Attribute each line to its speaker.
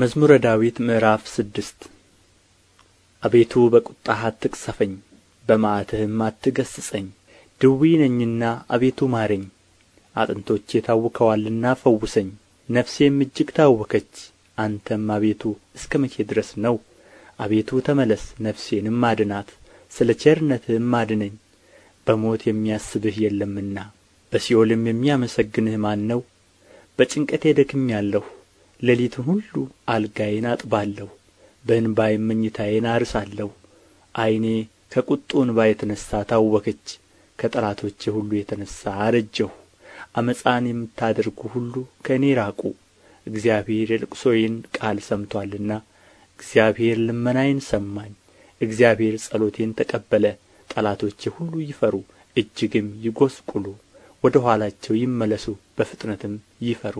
Speaker 1: መዝሙረ ዳዊት ምዕራፍ ስድስት አቤቱ በቁጣህ አትቅሰፈኝ፣ በመዓትህም አትገሥጸኝ። ድዊ ነኝና አቤቱ ማረኝ፣ አጥንቶቼ ታውከዋልና ፈውሰኝ። ነፍሴም እጅግ ታወከች። አንተም አቤቱ እስከ መቼ ድረስ ነው? አቤቱ ተመለስ፣ ነፍሴንም አድናት፣ ስለ ቸርነትህም አድነኝ። በሞት የሚያስብህ የለምና በሲኦልም የሚያመሰግንህ ማን ነው? በጭንቀቴ ደክሜአለሁ ሌሊቱን ሁሉ አልጋዬን አጥባለሁ በእንባዬም መኝታዬን አርሳለሁ ዓይኔ ከቁጡ እንባ የተነሣ ታወከች ከጠላቶቼ ሁሉ የተነሣ አረጀሁ ዓመፃን የምታደርጉ ሁሉ ከእኔ ራቁ እግዚአብሔር የልቅሶዬን ቃል ሰምቶአልና እግዚአብሔር ልመናዬን ሰማኝ እግዚአብሔር ጸሎቴን ተቀበለ ጠላቶቼ ሁሉ ይፈሩ እጅግም ይጐስቁሉ ወደ ኋላቸው
Speaker 2: ይመለሱ በፍጥነትም ይፈሩ